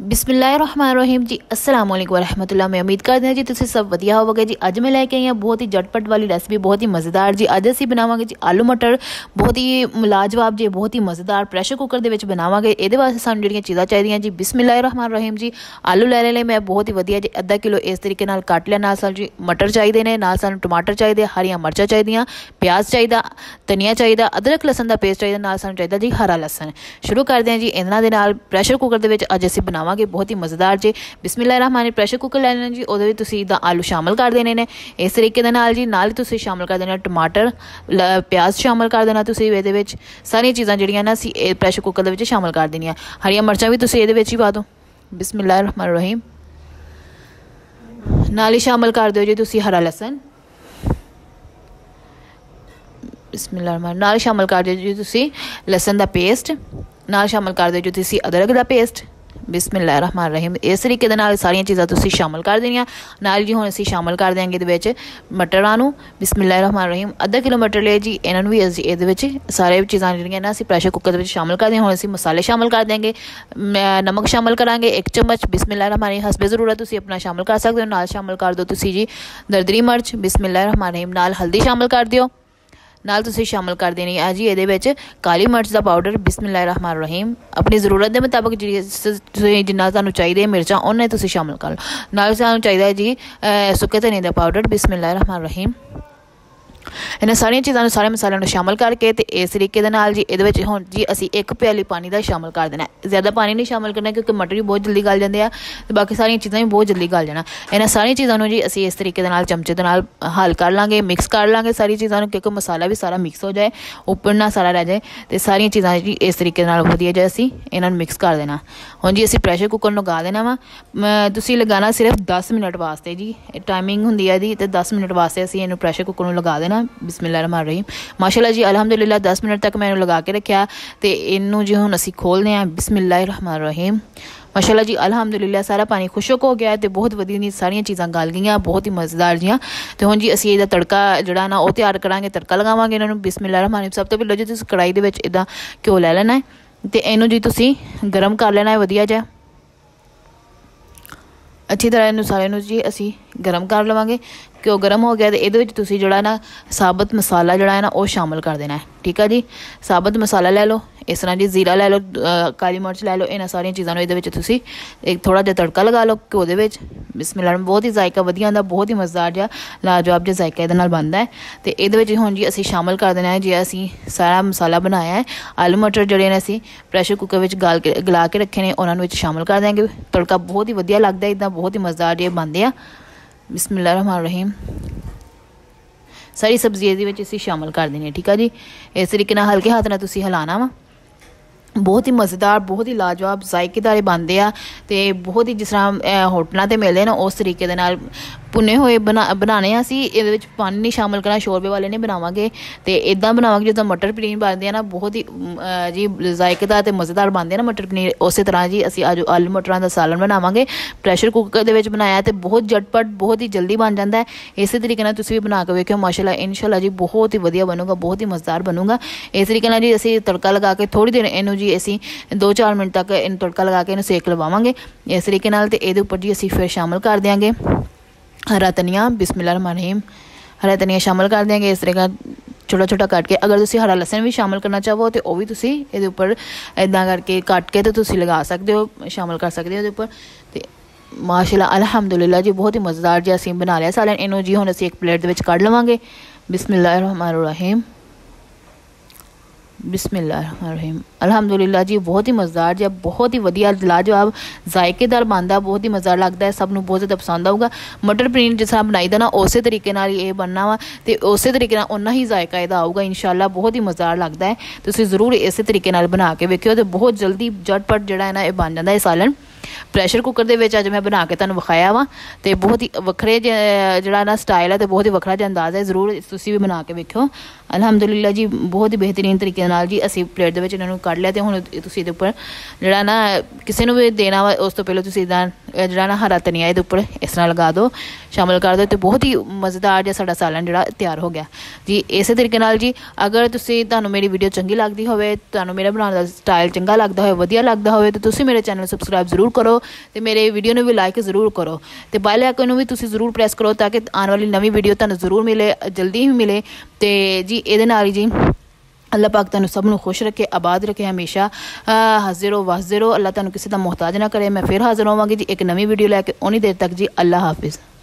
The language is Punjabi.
ਬਿਸਮਿਲ੍ਲਾਹਿਰਰਹਿਮਾਨਿਰਰਹੀਮ ਜੀ ਅਸਲਾਮ ਅਲੈਕੁਮ ਵਰਹਿਮਤੁਲਾਹ ਮੈਂ ਉਮੀਦ ਕਰਦੀ ਹਾਂ ਜੀ ਤੁਸੀਂ ਸਭ ਵਧੀਆ ਹੋਵੋਗੇ ਜੀ ਅੱਜ ਮੈਂ ਲੈ ਕੇ ਆਈ ਹਾਂ ਬਹੁਤ ਹੀ ਝਟਪਟ ਵਾਲੀ ਰੈਸਪੀ ਬਹੁਤ ਹੀ ਮਜ਼ੇਦਾਰ ਜੀ ਅੱਜ ਅਸੀਂ ਬਣਾਵਾਂਗੇ ਜੀ ਆਲੂ ਮਟਰ ਬਹੁਤ ਹੀ ਲਾਜਵਾਬ ਜੀ ਬਹੁਤ ਹੀ ਮਜ਼ੇਦਾਰ ਪ੍ਰੈਸ਼ਰ ਕੁੱਕਰ ਦੇ ਵਿੱਚ ਬਣਾਵਾਂਗੇ ਇਹਦੇ ਵਾਸਤੇ ਸਾਨੂੰ ਜਿਹੜੀਆਂ ਚੀਜ਼ਾਂ ਚਾਹੀਦੀਆਂ ਜੀ ਬਿਸਮਿਲ੍ਲਾਹਿਰਰਹਿਮਾਨਿਰਰਹੀਮ ਜੀ ਆਲੂ ਲੈ ਲਈ ਮੈਂ ਬਹੁਤ ਹੀ ਵਧੀਆ ਜੀ ਅੱਧਾ ਕਿਲੋ ਇਸ ਤਰੀਕੇ ਨਾਲ ਕੱਟ ਲਿਆ ਨਾਲ ਸਾਨੂੰ ਜੀ ਮਟਰ ਚਾਹੀਦੇ ਨੇ ਨਾਲ ਸਾਨੂੰ ਟਮਾਟਰ ਚਾਹੀਦੇ ਹਰੀਆਂ ਮਿਰਚਾਂ ਚਾਹੀਦੀਆਂ ਪਿਆਜ਼ ਚਾਹੀਦਾ ਧਨੀਆ ਚਾਹੀਦਾ ਅਦਰਕ ਲਸਣ ਦਾ ਪੇਸਟ ਚਾਹੀਦਾ ਨਾਲ ਸਾਨੂੰ ਚਾਹੀਦਾ ਜੀ ਹਰਾ ਲਸਣ ਸ਼ੁਰੂ ਕਰਦੇ ਹਾਂ ਜੀ ਇਹਨਾਂ ਦੇ ਨਾਲ ਪ੍ਰੈਸ਼ਰ ਕੁੱਕਰ ਦੇ ਵਿੱਚ ਅੱਜ ਅਸੀਂ ਬਣਾ ਬਣਾਵਾਂਗੇ ਬਹੁਤ ਹੀ ਮਜ਼ੇਦਾਰ ਜੇ ਬਿਸਮਿਲ੍ਲਾਹਿਰਰਹਿਮਾਨਿਰ ਪ੍ਰੈਸ਼ਰ ਕੁੱਕਰ ਲੈ ਲੈਣਾ ਜੀ ਉਹਦੇ ਵਿੱਚ ਤੁਸੀਂ ਦਾ ਆਲੂ ਸ਼ਾਮਲ ਕਰ ਦੇਣੇ ਨੇ ਇਸ ਤਰੀਕੇ ਦੇ ਨਾਲ ਜੀ ਨਾਲ ਹੀ ਤੁਸੀਂ ਸ਼ਾਮਲ ਕਰ ਦੇਣਾ ਟਮਾਟਰ ਪਿਆਜ਼ ਸ਼ਾਮਲ ਕਰ ਦੇਣਾ ਤੁਸੀਂ ਇਹਦੇ ਵਿੱਚ ਸਾਰੀਆਂ ਚੀਜ਼ਾਂ ਜਿਹੜੀਆਂ ਨਾ ਅਸੀਂ ਇਹ ਪ੍ਰੈਸ਼ਰ ਕੁੱਕਰ ਦੇ ਵਿੱਚ ਸ਼ਾਮਲ ਕਰ ਦੇਣੀਆਂ ਹਰੀਆਂ ਮਿਰਚਾਂ ਵੀ ਤੁਸੀਂ ਇਹਦੇ ਵਿੱਚ ਹੀ ਪਾ ਦਿਓ ਬਿਸਮਿਲ੍ਲਾਹਿਰਰਹਿਮਾਨਿਰਰਹੀਮ ਨਾਲ ਹੀ ਸ਼ਾਮਲ ਕਰ ਦਿਓ ਜੀ ਤੁਸੀਂ ਹਰਾ ਲਸਣ ਬਿਸਮਿਲ੍ਲਾਹਿਰਰਹਿਮਾਨ ਨਾਲ ਸ਼ਾਮਲ ਕਰ ਦਿਓ ਜੀ ਤੁਸੀਂ ਲਸਣ ਦਾ ਪੇਸਟ ਨਾਲ ਸ਼ਾਮਲ ਕਰ ਦਿਓ ਜੀ ਤੁਸੀਂ ਅਦਰਕ ਦਾ ਪੇਸਟ ਬਿਸਮਿਲ੍ਲਾਹਿਰਰਹਿਮਾਨਿਰਰਹੀਮ ਇਸ ਤਰੀਕੇ ਦੇ ਨਾਲ ਸਾਰੀਆਂ ਚੀਜ਼ਾਂ ਤੁਸੀਂ ਸ਼ਾਮਲ ਕਰ ਦੇਣੀਆਂ ਨਾਲ ਜੀ ਹੁਣ ਅਸੀਂ ਸ਼ਾਮਲ ਕਰ ਦਿਆਂਗੇ ਇਹਦੇ ਵਿੱਚ ਮਟਰਾਂ ਨੂੰ ਬਿਸਮਿਲ੍ਲਾਹਿਰਰਹਿਮਾਨਿਰਰਹੀਮ ਅੱਧਾ ਕਿਲੋ ਮਟਰ ਲਏ ਜੀ ਇਹਨਾਂ ਨੂੰ ਵੀ ਅਸੀਂ ਇਹਦੇ ਵਿੱਚ ਸਾਰੇ ਚੀਜ਼ਾਂ ਜਿਹੜੀਆਂ ਨਾ ਅਸੀਂ ਪ੍ਰੈਸ਼ਰ ਕੁੱਕਰ ਦੇ ਵਿੱਚ ਸ਼ਾਮਲ ਕਰ ਹਾਂ ਹੁਣ ਅਸੀਂ ਮਸਾਲੇ ਸ਼ਾਮਲ ਕਰ ਦਿਆਂਗੇ ਨਮਕ ਸ਼ਾਮਲ ਕਰਾਂਗੇ ਇੱਕ ਚਮਚ ਬਿਸਮਿਲ੍ਲਾਹਿਰਰਹਿਮਾਨਿਰਰਹੀਮ ਹਸਬੇ ਜ਼ਰੂਰਤ ਤੁਸੀਂ ਆਪਣਾ ਸ਼ਾਮਲ ਕਰ ਸਕਦੇ ਹੋ ਨਾਲ ਸ਼ਾਮਲ ਕਰ ਦਿਓ ਤੁਸੀਂ ਜੀ ਦਰਦਰੀ ਮਿਰਚ ਬਿਸਮਿਲ੍ਲਾਹਿਰਰਹਿਮਾਨਿਰਰਹੀਮ ਨਾਲ ਹਲਦੀ ਸ਼ਾਮਲ ਕਰ ਦਿਓ ਨਾਲ ਤੁਸੀਂ ਸ਼ਾਮਲ ਕਰ ਦੇਣੀ ਹੈ ਜੀ ਇਹਦੇ ਵਿੱਚ ਕਾਲੀ ਮਿਰਚ ਦਾ ਪਾਊਡਰ ਰਹੀਮ ਆਪਣੀ ਜ਼ਰੂਰਤ ਦੇ ਮੁਤਾਬਕ ਜਿਹੜੀ ਜਿੰਨਾ ਤੁਹਾਨੂੰ ਚਾਹੀਦੇ ਹੈ ਮਿਰਚਾਂ ਉਹਨੇ ਤੁਸੀਂ ਸ਼ਾਮਲ ਕਰ ਲਓ ਨਾਲ ਸਾਨੂੰ ਚਾਹੀਦਾ ਹੈ ਜੀ ਸੁੱਕੇ ਧਨੀਏ ਦਾ ਪਾਊਡਰ ਰਹੀਮ ਇਹਨਾਂ ਸਾਰੀਆਂ ਚੀਜ਼ਾਂ ਨੂੰ ਸਾਰੇ ਮਸਾਲਿਆਂ ਨੂੰ ਸ਼ਾਮਲ ਕਰਕੇ ਤੇ ਇਸ ਤਰੀਕੇ ਦੇ ਨਾਲ ਜੀ ਇਹਦੇ ਵਿੱਚ ਹੁਣ ਜੀ ਅਸੀਂ ਇੱਕ ਪਿਆਲੀ ਪਾਣੀ ਦਾ ਸ਼ਾਮਲ ਕਰ ਦੇਣਾ ਜ਼ਿਆਦਾ ਪਾਣੀ ਨਹੀਂ ਸ਼ਾਮਲ ਕਰਨਾ ਕਿਉਂਕਿ ਮਟਰ ਵੀ ਬਹੁਤ ਜਲਦੀ ਗਲ ਜਾਂਦੇ ਆ ਤੇ ਬਾਕੀ ਸਾਰੀਆਂ ਚੀਜ਼ਾਂ ਵੀ ਬਹੁਤ ਜਲਦੀ ਗਲ ਜਾਣਾ ਇਹਨਾਂ ਸਾਰੀਆਂ ਚੀਜ਼ਾਂ ਨੂੰ ਜੀ ਅਸੀਂ ਇਸ ਤਰੀਕੇ ਦੇ ਨਾਲ ਚਮਚੇ ਦੇ ਨਾਲ ਹਲ ਕਰ ਲਾਂਗੇ ਮਿਕਸ ਕਰ ਲਾਂਗੇ ਸਾਰੀ ਚੀਜ਼ਾਂ ਨੂੰ ਕਿਉਂਕਿ ਮਸਾਲਾ ਵੀ ਸਾਰਾ ਮਿਕਸ ਹੋ ਜਾਏ ਉੱਪਰ ਨਾ ਸਾਰਾ ਰਹਿ ਜਾਏ ਤੇ ਸਾਰੀਆਂ ਚੀਜ਼ਾਂ ਜੀ ਇਸ ਤਰੀਕੇ ਦੇ ਨਾਲ ਵਧੀਆ ਜੇ ਅਸੀਂ ਇਹਨਾਂ ਨੂੰ ਮਿਕਸ ਕਰ ਦੇਣਾ ਹੁਣ ਜੀ ਅਸੀਂ ਪ੍ਰੈਸ਼ਰ ਕੁੱਕਰ ਨੂੰ ਗਾ ਦੇਣਾ ਵਾ ਤੁਸੀਂ ਲਗਾਣਾ ਸਿਰਫ 10 ਮਿੰਟ ਵਾਸਤੇ ਜੀ ਟਾਈਮਿੰਗ ਹੁੰਦੀ ਹੈ ਦੀ ਤੇ 10 ਮਿੰਟ ਵਾਸਤੇ ਅਸੀਂ ਇਹਨੂੰ ਪ੍ਰੈਸ਼ਰ ਕੁੱਕਰ ਨੂੰ ਲਗਾ ਦੇਣਾ ਨਾ ਰਹਿਮਾਨ ਰਹੀਮ ਮਾਸ਼ਾਅੱਲਾ ਜੀ ਅਲਹਮਦੁਲਿਲਾ 10 ਮਿੰਟ ਤੱਕ ਮੈਂ ਇਹਨੂੰ ਲਗਾ ਕੇ ਰੱਖਿਆ ਤੇ ਇਹਨੂੰ ਜੀ ਹੁਣ ਅਸੀਂ ਖੋਲਦੇ ਆਂ ਰਹਿਮਾਨ ਰਹੀਮ ਮਾਸ਼ਾਅੱਲਾ ਜੀ ਅਲਹਮਦੁਲਿਲਾ ਸਾਰਾ ਪਾਣੀ ਖੁਸ਼ਕ ਹੋ ਗਿਆ ਤੇ ਬਹੁਤ ਵਧੀਆ ਨੀ ਸਾਰੀਆਂ ਚੀਜ਼ਾਂ ਗਲ ਗਈਆਂ ਬਹੁਤ ਹੀ ਮਜ਼ੇਦਾਰ ਜੀਆਂ ਤੇ ਹੁਣ ਜੀ ਅਸੀਂ ਇਹਦਾ ਤੜਕਾ ਜਿਹੜਾ ਨਾ ਉਹ ਤਿਆਰ ਕਰਾਂਗੇ ਤੜਕਾ ਲਗਾਵਾਂਗੇ ਇਹਨਾਂ ਨੂੰ ਰਹਿਮਾਨ ਰਹੀਮ ਸਭ ਤੋਂ ਪਹਿਲਾਂ ਜੀ ਤੁਸੀਂ ਕੜਾਈ ਦੇ ਵਿੱਚ ਇਦਾਂ ਘਿਓ ਲੈ ਲੈਣਾ ਤੇ ਇਹਨੂੰ ਜੀ ਤੁਸੀਂ ਗਰਮ ਕਰ ਲੈਣਾ ਹੈ ਵਧੀਆ ਜਿਹਾ ਅੱਛੀ ਤਰ੍ਹਾਂ ਇਹਨੂੰ ਸਾਰੇ ਨੂੰ ਜੀ ਅਸੀਂ ਗਰਮ ਕਰ ਲਵਾਂਗੇ ਉਹ ਗਰਮ ਹੋ ਗਿਆ ਤੇ ਇਹਦੇ ਵਿੱਚ ਤੁਸੀਂ ਜਿਹੜਾ ਨਾ ਸਾਬਤ ਮਸਾਲਾ ਜਿਹੜਾ ਹੈ ਨਾ ਉਹ ਸ਼ਾਮਿਲ ਕਰ ਦੇਣਾ ਹੈ ਠੀਕ ਆ ਜੀ ਸਾਬਤ ਮਸਾਲਾ ਲੈ ਲਓ ਇਸ ਤਰ੍ਹਾਂ ਜੀ ਜ਼ੀਰਾ ਲੈ ਲਓ ਕਾਲੀ ਮਿਰਚ ਲੈ ਲਓ ਇਹਨਾਂ ਸਾਰੀਆਂ ਚੀਜ਼ਾਂ ਨੂੰ ਇਹਦੇ ਵਿੱਚ ਤੁਸੀਂ ਇੱਕ ਥੋੜਾ ਜਿਹਾ ਤੜਕਾ ਲਗਾ ਲਓ ਘਿਓ ਦੇ ਵਿੱਚ ਬਿਸਮਿਲ੍ਲਾ ਬਹੁਤ ਹੀ ਜ਼ਾਇਕਾ ਵਧੀਆ ਆਉਂਦਾ ਬਹੁਤ ਹੀ ਮਜ਼ੇਦਾਰ ਜਿਹਾ ਲਾਜਵਾਬ ਜਿਹਾ ਜ਼ਾਇਕਾ ਇਹਦੇ ਨਾਲ ਬਣਦਾ ਹੈ ਤੇ ਇਹਦੇ ਵਿੱਚ ਹੁਣ ਜੀ ਅਸੀਂ ਸ਼ਾਮਲ ਕਰ ਦੇਣਾ ਹੈ ਜੇ ਅਸੀਂ ਸਾਰਾ ਮਸਾਲਾ ਬਣਾਇਆ ਹੈ ਆਲੂ ਮਟਰ ਜਿਹੜੇ ਨੇ ਅਸੀਂ ਪ੍ਰੈਸ਼ਰ ਕੁੱਕਰ ਵਿੱਚ ਗਾਲ ਕੇ ਗਲਾ ਕੇ ਰੱਖੇ ਨੇ ਉਹਨਾਂ ਨੂੰ ਵਿੱਚ ਸ਼ਾਮਲ ਕਰ ਦਾਂਗੇ ਤੜਕਾ ਬਹੁਤ ਹੀ ਵਧੀਆ ਲੱਗਦਾ ਹੈ ਇਦਾਂ ਬਹੁਤ ਹੀ ਮਜ਼ੇਦਾਰ ਜਿਹਾ ਬਣਦੇ ਆ ਬਿਸਮਿਲ੍ਲਾ ਰਹਿਮਾਨ ਰਹੀਮ ਸਾਰੀ ਸਬਜ਼ੀ ਇਹਦੇ ਵਿੱਚ ਅਸੀਂ ਸ਼ਾਮਲ ਕਰ ਦੇਣੀ ਹੈ ਠੀਕ ਆ ਜੀ ਇਸ ਤਰੀਕੇ ਨਾਲ ਹਲਕੇ ਹੱਥ ਨਾਲ ਤੁਸੀਂ ਹਿਲਾਣਾ ਵਾ ਬਹੁਤ ਹੀ ਮਜ਼ੇਦਾਰ ਬਹੁਤ ਹੀ ਲਾਜਵਾਬ ਜ਼ਾਇਕੇਦਾਰੇ ਬਣਦੇ ਆ ਤੇ ਬਹੁਤ ਹੀ ਜਿਸ ਤਰ੍ਹਾਂ ਹੋਟਲਾਂ ਤੇ ਮਿਲਦੇ ਨੇ ਉਸ ਤਰੀਕੇ ਦੇ ਨਾਲ ਪੁਨੇ ਹੋਏ ਬਣਾ ਬਣਾਣੇ ਆ ਸੀ ਇਹਦੇ ਵਿੱਚ ਪਾਣੀ ਨਹੀਂ ਸ਼ਾਮਲ ਕਰਨਾ ਸ਼ੋਰਬੇ ਵਾਲੇ ਨੇ ਬਣਾਵਾਂਗੇ ਤੇ ਇਦਾਂ ਬਣਾਵਾਂਗੇ ਜਿੱਦਾਂ ਮਟਰ ਪਨੀਰ ਬਣਦੇ ਆ ਨਾ ਬਹੁਤ ਹੀ ਜੀ ਜ਼ਾਇਕੇਦਾਰ ਤੇ ਮਜ਼ੇਦਾਰ ਬਣਦੇ ਆ ਨਾ ਮਟਰ ਪਨੀਰ ਉਸੇ ਤਰ੍ਹਾਂ ਜੀ ਅਸੀਂ ਅੱਜ ਆਲੂ ਮਟਰਾਂ ਦਾ ਸਾਲਨ ਬਣਾਵਾਂਗੇ ਪ੍ਰੈਸ਼ਰ ਕੁੱਕਰ ਦੇ ਵਿੱਚ ਬਣਾਇਆ ਤੇ ਬਹੁਤ ਝਟਪਟ ਬਹੁਤ ਹੀ ਜਲਦੀ ਬਣ ਜਾਂਦਾ ਹੈ ਇਸੇ ਤਰੀਕੇ ਨਾਲ ਤੁਸੀਂ ਵੀ ਬਣਾ ਕੇ ਵੇਖਿਓ ਮਾਸ਼ਾਅੱਲਾ ਇਨਸ਼ਾਅੱਲਾ ਜੀ ਬਹੁਤ ਹੀ ਵਧੀਆ ਬਣੂਗਾ ਬਹੁਤ ਹੀ ਮਜ਼ੇਦਾਰ ਬਣੂਗਾ ਇਸ ਤਰੀਕੇ ਨਾਲ ਜੀ ਅਸੀਂ ਤੜਕਾ ਲਗਾ ਕੇ ਥੋੜੀ ਦੇਰ ਇਹਨੂੰ ਜੀ ਅਸੀਂ 2-4 ਮਿੰਟ ਤੱਕ ਇਹਨੂੰ ਤੜਕਾ ਲਗਾ ਕੇ ਇਹਨੂੰ ਸੇਕ ਲਵਾਵਾਂਗੇ ਇਸ ਤਰੀਕੇ ਨਾਲ ਤੇ ਇਹਦੇ ਉੱਪਰ ਜੀ ਅਸੀਂ ਫਿਰ ਸ਼ਾਮਲ ਕਰ ਦਿਆਂਗੇ ਹਰਾ ਧਨੀਆ ਰਹਿਮ ਹਰਾ ਧਨੀਆ ਸ਼ਾਮਲ ਕਰ ਦਿਆਂਗੇ ਇਸ ਤਰ੍ਹਾਂ ਛੋਟਾ ਛੋਟਾ ਕੱਟ ਕੇ ਅਗਰ ਤੁਸੀਂ ਹਰਾ ਲਸਣ ਵੀ ਸ਼ਾਮਲ ਕਰਨਾ ਚਾਹੋ ਤੇ ਉਹ ਵੀ ਤੁਸੀਂ ਇਹਦੇ ਉੱਪਰ ਇਦਾਂ ਕਰਕੇ ਕੱਟ ਕੇ ਤੇ ਤੁਸੀਂ ਲਗਾ ਸਕਦੇ ਹੋ ਸ਼ਾਮਲ ਕਰ ਸਕਦੇ ਹੋ ਇਹਦੇ ਉੱਪਰ ਤੇ ਮਾਸ਼ਾਅੱਲਾ ਅਲਹਮਦੁਲਿਲਾ ਜੀ ਬਹੁਤ ਹੀ ਮਜ਼ੇਦਾਰ ਜਿਹਾ ਅਸੀਂ ਬਣਾ ਲਿਆ ਸਾਲਾਂ ਇਹਨੂੰ ਜੀ ਹੁਣ ਅਸੀਂ ਇੱਕ ਪਲੇਟ ਦੇ ਵਿੱਚ ਕੱਢ ਲਵਾਂਗੇ ਬਿਸਮਿਲ੍ਲਾਹਿਰਰਹਿਮਾਨਿਰਰਹੀਮ ਬਿਸਮਿਲ੍ਲਾਹਿਰਰਹਿਮ ਅਲਹਮਦੁਲਿਲਾ ਜੀ ਬਹੁਤ ਹੀ ਮਜ਼ੇਦਾਰ ਜੀ ਬਹੁਤ ਹੀ ਵਧੀਆ ਲਾਜਵਾਬ ਜ਼ਾਇਕੇਦਾਰ ਬੰਦਾ ਬਹੁਤ ਹੀ ਮਜ਼ਾ ਲੱਗਦਾ ਹੈ ਸਭ ਨੂੰ ਬਹੁਤ ਜ਼ਿਆਦਾ ਪਸੰਦ ਆਊਗਾ ਮਟਰ ਪਨੀਰ ਜਿਸ ਤਰ੍ਹਾਂ ਬਣਾਈਦਾ ਨਾ ਉਸੇ ਤਰੀਕੇ ਨਾਲ ਇਹ ਬਣਨਾ ਵਾ ਤੇ ਉਸੇ ਤਰੀਕੇ ਨਾਲ ਉਨਾ ਹੀ ਜ਼ਾਇਕਾ ਇਹਦਾ ਆਊਗਾ ਇਨਸ਼ਾਅੱਲਾ ਬਹੁਤ ਹੀ ਮਜ਼ੇਦਾਰ ਲੱਗਦਾ ਹੈ ਤੁਸੀਂ ਜ਼ਰੂਰ ਇਸੇ ਤਰੀਕੇ ਨਾਲ ਬਣਾ ਕੇ ਵੇਖਿਓ ਤੇ ਬਹੁਤ ਜਲਦੀ ਝਟਪਟ ਜਿਹੜਾ ਹੈ ਨਾ ਇਹ ਬਣ ਜਾਂਦਾ ਹੈ ਸਾਲਨ ਪ੍ਰੈਸ਼ਰ ਕੁੱਕਰ ਦੇ ਵਿੱਚ ਅੱਜ ਮੈਂ ਬਣਾ ਕੇ ਤੁਹਾਨੂੰ ਵਿਖਾਇਆ ਵਾਂ ਤੇ ਬਹੁਤ ਹੀ ਵੱਖਰੇ ਜਿਹੜਾ ਨਾ ਸਟਾਈਲ ਹੈ ਤੇ ਬਹੁਤ ਹੀ ਵੱਖਰਾ ਜਿਹਾ ਅੰਦਾਜ਼ ਹੈ ਜ਼ਰੂਰ ਤੁਸੀਂ ਵੀ ਬਣਾ ਕੇ ਵੇਖਿਓ ਅਲਹਮਦੁਲਿਲਾ ਜੀ ਬਹੁਤ ਹੀ ਬਿਹਤਰੀਨ ਤਰੀਕੇ ਨਾਲ ਜੀ ਅਸੀਂ ਪਲੇਟ ਦੇ ਵਿੱਚ ਇਹਨਾਂ ਨੂੰ ਕੱਢ ਲਿਆ ਤੇ ਹੁਣ ਤੁਸੀਂ ਇਹਦੇ ਉੱਪਰ ਜਿਹੜਾ ਨਾ ਕਿਸੇ ਨੂੰ ਵੀ ਦੇਣਾ ਵਾ ਉਸ ਤੋਂ ਪਹਿਲਾਂ ਤੁਸੀਂ ਇਦਾਂ ਜਿਹੜਾ ਨਾ ਹਰਾ ਧਨੀਆ ਇਹਦੇ ਉੱਪਰ ਇਸ ਤਰ੍ਹਾਂ ਲਗਾ ਦਿਓ ਸ਼ਾਮਿਲ ਕਰ ਦਿਓ ਤੇ ਬਹੁਤ ਹੀ ਮਜ਼ੇਦਾਰ ਜਿਹਾ ਸਾਡਾ ਸਾਲਨ ਜਿਹੜਾ ਤਿਆਰ ਹੋ ਗਿਆ ਜੀ ਇਸੇ ਤਰੀਕੇ ਨਾਲ ਜੀ ਅਗਰ ਤੁਸੀਂ ਤੁਹਾਨੂੰ ਮੇਰੀ ਵੀਡੀਓ ਚੰਗੀ ਲੱਗਦੀ ਹੋਵੇ ਤੁਹਾਨੂੰ ਮੇਰਾ ਬਣਾਉਣ ਦਾ ਸਟਾਈਲ ਚੰਗਾ ਲੱਗਦਾ ਹੋਵੇ ਵਧੀਆ ਲੱਗਦਾ ਹੋਵੇ ਤਾਂ ਤੁਸੀਂ ਮੇਰੇ ਚੈਨਲ ਸਬਸਕ੍ਰਾਈਬ ਜ਼ਰੂਰ ਕਰੋ ਕਰੋ ਤੇ ਮੇਰੇ ਵੀਡੀਓ ਨੂੰ ਵੀ ਲਾਈਕ ਜ਼ਰੂਰ ਕਰੋ ਤੇ ਬੈਲ ਆਈਕਨ ਨੂੰ ਵੀ ਤੁਸੀਂ ਜ਼ਰੂਰ ਪ੍ਰੈਸ ਕਰੋ ਤਾਂ ਕਿ ਆਉਣ ਵਾਲੀ ਨਵੀਂ ਵੀਡੀਓ ਤੁਹਾਨੂੰ ਜ਼ਰੂਰ ਮਿਲੇ ਜਲਦੀ ਹੀ ਮਿਲੇ ਤੇ ਜੀ ਇਹਦੇ ਨਾਲ ਹੀ ਜੀ ਅੱਲਾਹ ਪਾਕ ਤੁਹਾਨੂੰ ਸਭ ਨੂੰ ਖੁਸ਼ ਰੱਖੇ ਆਬਾਦ ਰੱਖੇ ਹਮੇਸ਼ਾ ਹਾਜ਼ਰ ਹੋ ਵਾਜ਼ਰ ਹੋ ਅੱਲਾਹ ਤੁਹਾਨੂੰ ਕਿਸੇ ਦਾ ਮੁਹਤਾਜ ਨਾ ਕਰੇ ਮੈਂ ਫਿਰ ਹਾਜ਼ਰ ਹੋਵਾਂਗੀ ਜੀ ਇੱਕ ਨਵੀਂ ਵੀਡੀਓ ਲੈ ਕੇ ਉਨੀ ਦੇਰ ਤੱਕ ਜੀ ਅੱਲਾਹ ਹਾਫਿਜ਼